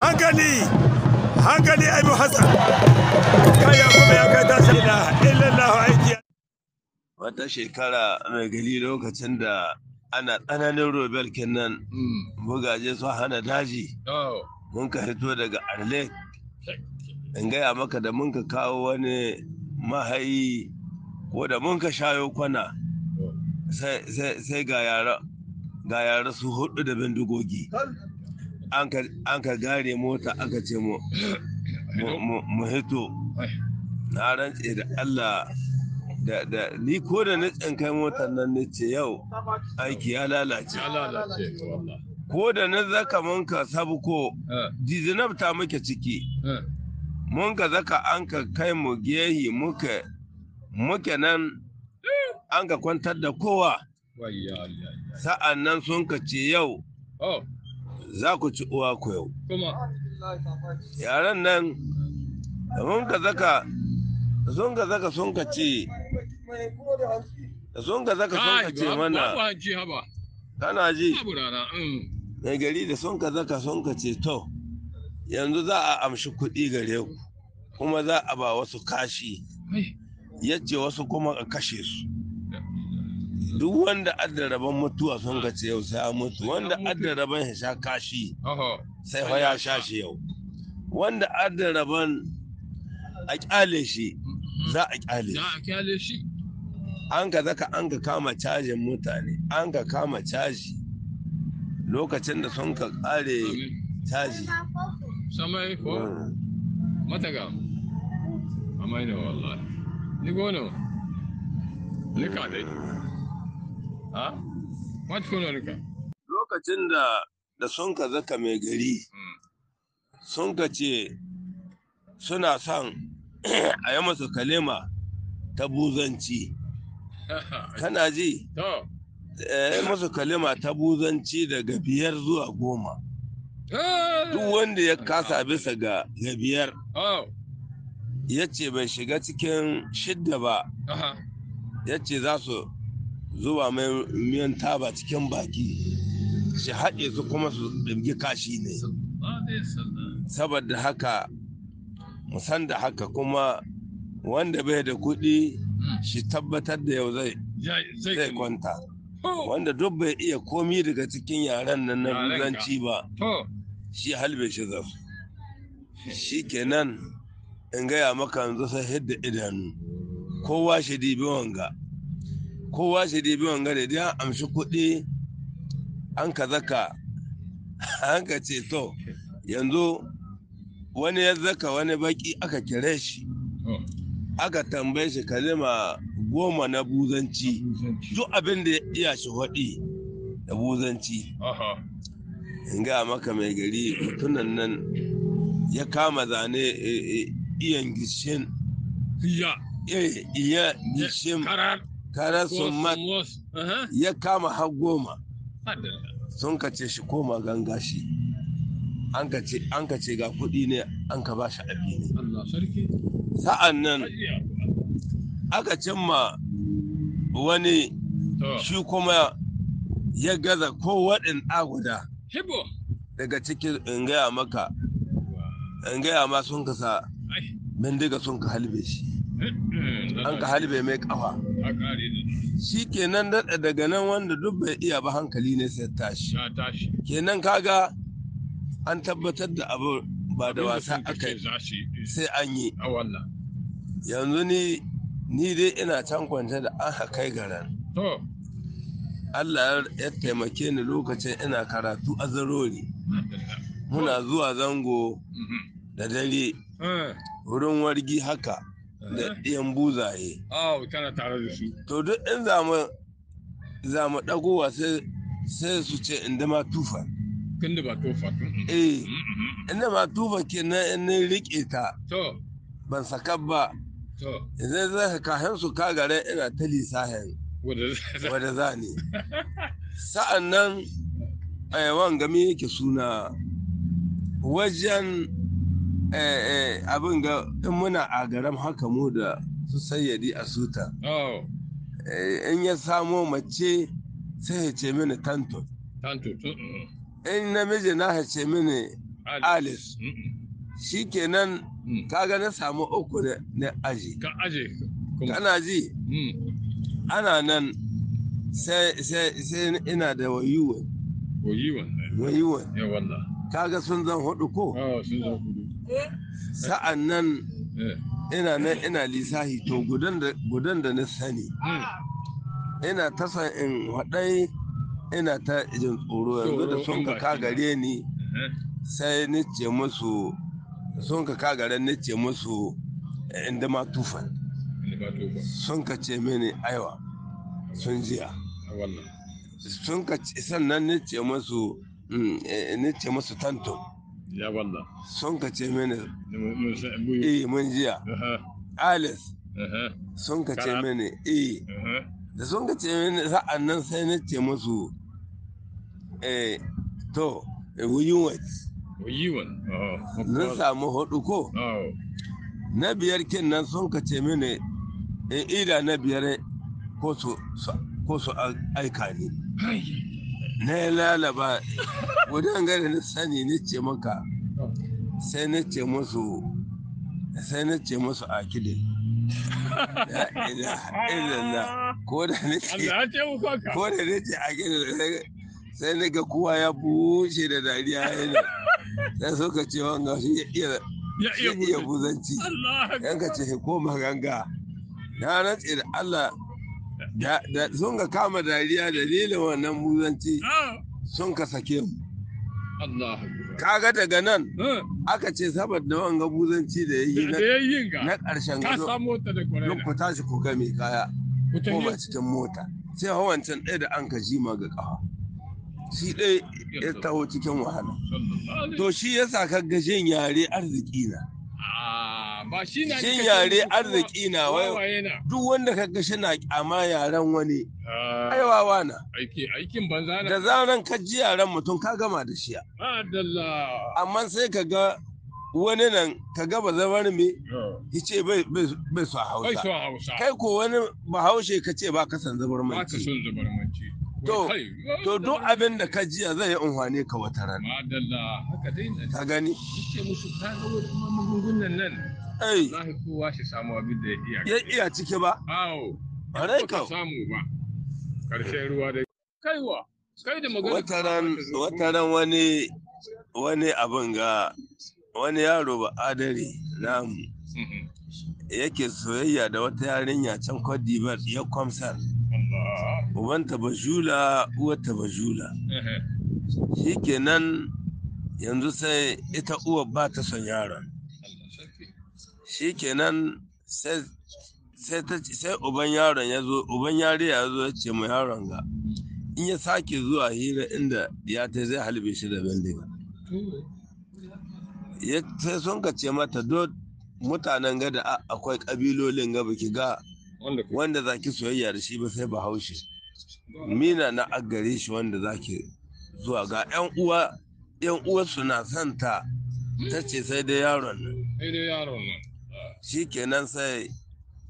hankali hankali abu hassan kaya kuma ya kai tashi na illallahu aiki wata shekara mai gari lokacin da ana tsananin robel kenan hmm. bugaje su hana daji oh. mun ka hito daga arle in gaya maka da mun ka kawo wani mahayi ko da mun ka shayo kwana oh. sai ga yara su hudu da bindigogi an ka gare mota aka ce mu hito na rantse da Allah da ni ko da na tsinkai motar nan na ce yau aiki ya lalace ko da na zaka mun ka sabu ko dizinab eh. ta muke ciki eh. mun ka zaka an ka kai mu gehi muke muke nan an ka kwantar da kowa sa'an nan sun ka ce yau oh. za ku ci uwa ku yau yaran nan da ka zaka sun ka zaka sun ka ce sun ka zaka sun ka ce mana kana ji mm. mai gari da sun ka zaka sun ka ce to yanzu za a amshi kuɗi gare ku kuma za a ba wasu kashi yadda wasu kuma a kashe su duk wanda adda rabon mutuwa sun ka ce yau sai ya mutu wanda adda rabon ya sha kashi sai fa ya sha shi yau wanda adda rabon a kyale shi mm-hmm. za a kyale shi an ka zaka an ka kama cajin mutane an ka kama caji lokacin da sun ka kare caji samai ko mm. mataga amai da wallahi ni gono ni dai mm. Lokacin da da sun ka zaka mai gari hmm. sun ka ce suna son a yi masa kalima ta buzanci. Kana ji? Eh, yi masa kalima ta buzanci daga biyar zuwa goma. Eh. Duk wanda ya kasa bisa ga biyar. Oh. Ya ce bai shiga cikin shidda ba. Ya ce za su zuba mai miyan taba cikin baki shi haɗe su kuma su ɗingi kashi ne saboda haka musan da haka kuma wanda bai da kuɗi shi tabbatar da yau zai kwanta wanda duk bai iya komi daga cikin yaren nan na turanci ba shi halbe shi zaf shi kenan in gaya maka yanzu sai hidda idanu kowa shi dibi wanga kowa shi biyan wanga dai an amshi kuɗi an ka zaka an ka ce to yanzu wani ya zaka wani baki aka kire shi aka tambaye shi kalima goma na buzanci duk abin da ya iya shi haɗi da buzanci in ga maka mai gari mutunan nan ya kama zane eh, eh, iyan gishin iya eh, gishin kare summat ya kama har goma sun ka ce shi koma ganga shi an ka ce ga kuɗi ne an ka ba shi abi ne sa'an nan aka cimma wani shi kuma ya gaza ko waɗin aguda daga cikin in gaya maka in gaya ma sun kasa bindiga sun ka halbe shi an ka hali bai mai kafa shi kenan daɗa daga nan wanda duk bai iya ba hankali ne sai tashi kenan kaga an tabbatar da abu ba da wasa aka sai an yi yanzu ni ni dai ina can kwanta da an hakai garan Allah ya taimake ni lokacin ina karatu a zarori muna zuwa zango mm-hmm. da dare eh. wurin wargi haka da eh. yan buzaye. Oh, kana tare da su. To duk in zamu zamu dagowa sai sai su ce inda ma tufa. Kin da ba tufa. Mm-hmm. Eh. Mm-hmm. Inda ma tufa kenan in na rike ta. To. Ban saka ba. To. Idan za ka kahin su ka ina ta lisahin. Wada za Sa'an nan ayawan eh, gami yake suna wajen Eh, eh, abin ga in muna a garam haka mu da su sayyadi a suta oh. eh, in ya samo mace sai ya ce mini tanto in namiji na ya ce mini alis shi kenan mm. kaga na samu uku na aji kana ji mm. ana nan sai ina da wayuwa, wayuwa, kaga sun zan hudu ko oh, sun zan sa'an nan eh. ina nan ina lisahi to gudan da na sani hmm. ina ta san in waɗai ina ta jin tsoro yanzu da sun ka kagare ni eh. sai ni ce musu sun ka kagare ni ce musu eh, inda ma tufan sun ka ce mini aiwa sun jiya sun ka sannan ni ce musu mm, ni ce musu tantum Ya Son ka ce mini. Eh mun jiya. Alice. Son ka ce mini eh. Da son ka ce mini sa'an nan sai na ce musu eh to wuyun wati. Na samu hudu ko? Oh. Na biyar kin nan son ka ce mini in eh, ida na biyar ko su aika ne. na lalaba gudan gani na sani na ce maka sai na ce musu sai na ce musu akidin ko da ce akidin sai na ga kowa ya bushe da dariya yana sai suka ce wanga shi ya iya buzanci yanka ce ko maganga na rantse da Allah da sun ga kama dariya dalilin wannan muzanci ah. sun ka sake mu kaga daga nan ah. aka ce saboda wanga muzanci da yayi na ƙarshen gado duk ku tashi ku game kaya ko ba cikin mota sai hawancin ɗaya da an ka ji ma ga ƙafa shi ɗaya ya taho cikin wahala to shi yasa ka gashin yare arziki na ah. Shin yare arziki na duk wanda ka ga shina kyama yaren wani. Ah. Aiwa wana. Aikin banza na. Da zaran ka ji yaren mutum ka gama da shi. Amma sai ka ga wani nan ka ga ba zamar me ah. ya ce bai so hausa. Kai ko wani bahaushe ka ce ba ka san zabarmanci. To, to duk abin da ka jiya zai yi unhwane ka wata rana. Madalla, Ka gani? musu ta magungunan nan wallahi kowa shi iya ya ba awo ka samu ba wataran wani wani ga wani yaro ba adari namu mhm. yake soyayya da wata yarinya can Cote d'Ivoire ya kwamsar ubanta bajula uwata bajula kenan yanzu sai ita uwa ba ta son yaron shikenan sai sai uban yaron ya zo uban yariya ya zo ya ce mu yaron ga in ya sake zuwa hira inda ya ta zai halbe shi da bindiga sai sun ka ce mata do mutanen gada akwai kabilolin ga baki ga wanda za ki soyayya da shi ba sai ba haushe mina na agare shi wanda za ki zuwa ga yan uwa yan uwa suna santa ta ce sai dai yaron nan shi kenan sai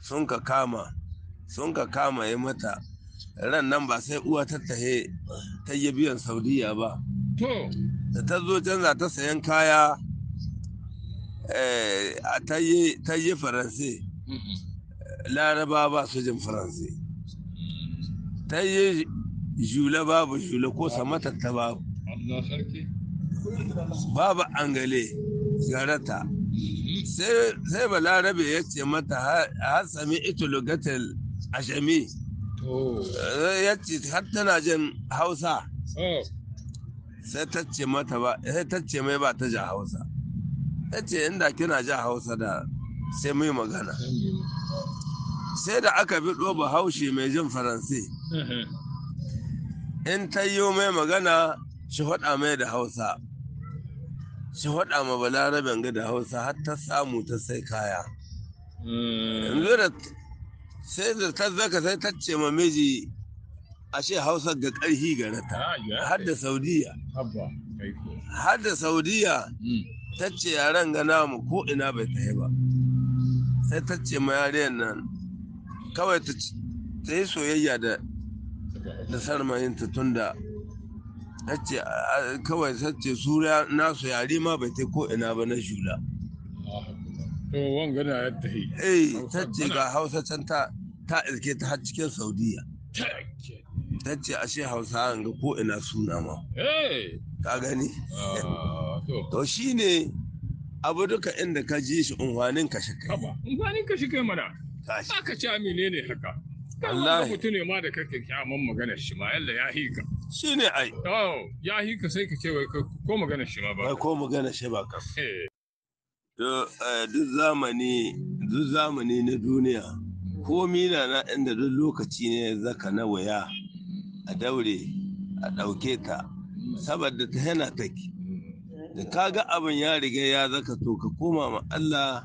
sun ka kama sun ka kama ya mata ran nan ba sai uwa ta tahe ta yi biyan saudiya ba da ta zo canza ta sayan kaya eh, ta yi faransi laraba ba su jin faransi ta yi jula babu jula ko ta babu babu angale garata sai balarabe ya ce mata hasami ito lugatil ashami eh, ya ce har tana jin hausa oh. sai ta ce mata ba sai ta ce mai ba ta ja hausa ta ce inda kina ja hausa da sai mai magana sai da aka bi ɗoba haushi mai jin faransi in ta yi mai magana shi faɗa mai da hausa shi faɗa ma balaraben ga da hausa har ta samu ta sai kaya hmm. yanzu sai da ta zaka sai ta ce ma miji ashe hausa ga karhi ga rata ah, har da saudiya har da saudiya ta ce yaren ga namu ko ina bai ta ba sai ta ce ma yaren nan kawai ta yi soyayya da sarmayinta tun da ce kawai sace sura nasu yare ma bai ta ko ina ba na jula yadda yi eh ta ce ga hausa can ta ta iske ta har cikin saudiya ta ce ashe hausa ga ko ina suna ma ka gani ah, to shine abu duka inda ka ji shi unhwanin ka shi kai unhwanin ka shi kai mana ba ka ci amine ne haka Allah mutune ne ma da kake kyamun magana shi ma yalla ya hika Shi ne ai. Ya yi ka sai ka ce wai ko magana shi ma ba. Ko magana shi ba ka. Eh. Eh, duk zamani, duk zamani na duniya, ko mina na inda duk lokaci ne zaka na waya a daure a ɗauke ta, saboda ta yana take. Da ka ga abin ya riga ya zaka to ka koma ma Allah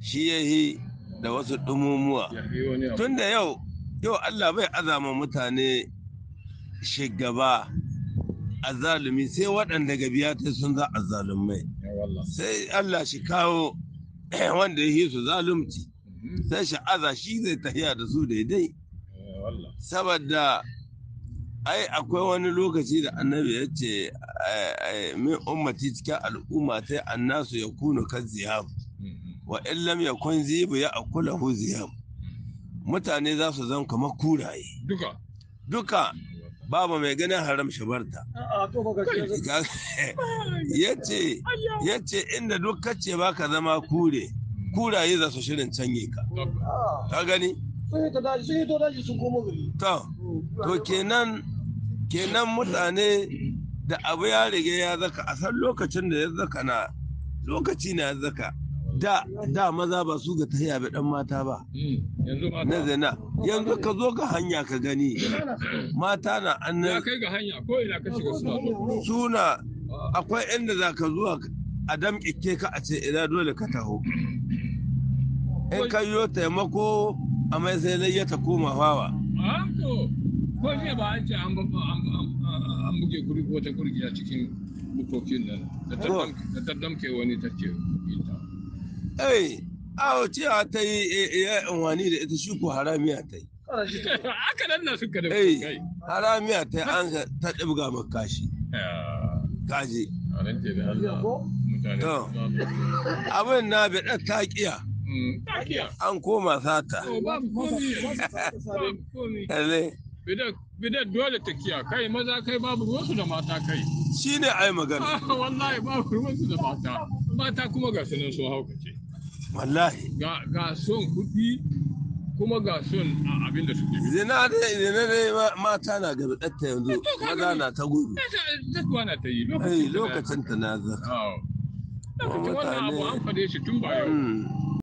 shi ya yi da wasu ɗumumuwa. Tun da yau, yau Allah bai azama mutane shugaba azalumi sai waɗanda gabiya ta sun za zalumai sai Allah shi kawo wanda ya yi su zalumci mhm. sai sha'aza shi zai tafiya da su daidai saboda ai akwai wani lokaci da annabi ya ce min ummati cikin al'umma ta annasu ya kunu kan ziyar, mhm. wa illam ya kun zibu ya akula hu ziyar. Mhm. mutane za su zan kuma kuraye duka babu mai ganin haram shabarta yace yace inda duk kace ka zama kure kuraye za su shirin canye ka ka gani to to kenan mutane da abu ya riga ya zaka a san lokacin da ya zaka na lokaci na ya zaka da da maza ba su ga tahiya ba dan mata ba hmm, na zina yanzu ka zo ga hanya ka gani mata na annan kai ga hanya ko ina ka shiga suna suna akwai inda za ka zuwa a damƙike ka a ce ina dole ka taho in ka yi taimako a mai sai lai ta koma hawa ko ne ba an ce an buge kuri ko ta kurgiya cikin bukokin nan da ta damke wani take eh awo a ta yi eh, eh, ya wani da ita shi ko haramiya ta yi aka nan na suka da kai haramiya ta an ta dibga maka shi kaji to abin na bi da mm. takiya an koma sata bidan dole ta kiya kai maza kai babu ruwansu da mata kai shi ne ai magana wallahi babu ruwansu da mata mata kuma ga sunan sun haukace wallahi ga son kuɗi kuma ga son abin suke zina zina da mata na garɗatta yanzu maza na ta gudu eh, lokacin ta na zaka wannan abu an fade shi tun ba hmm.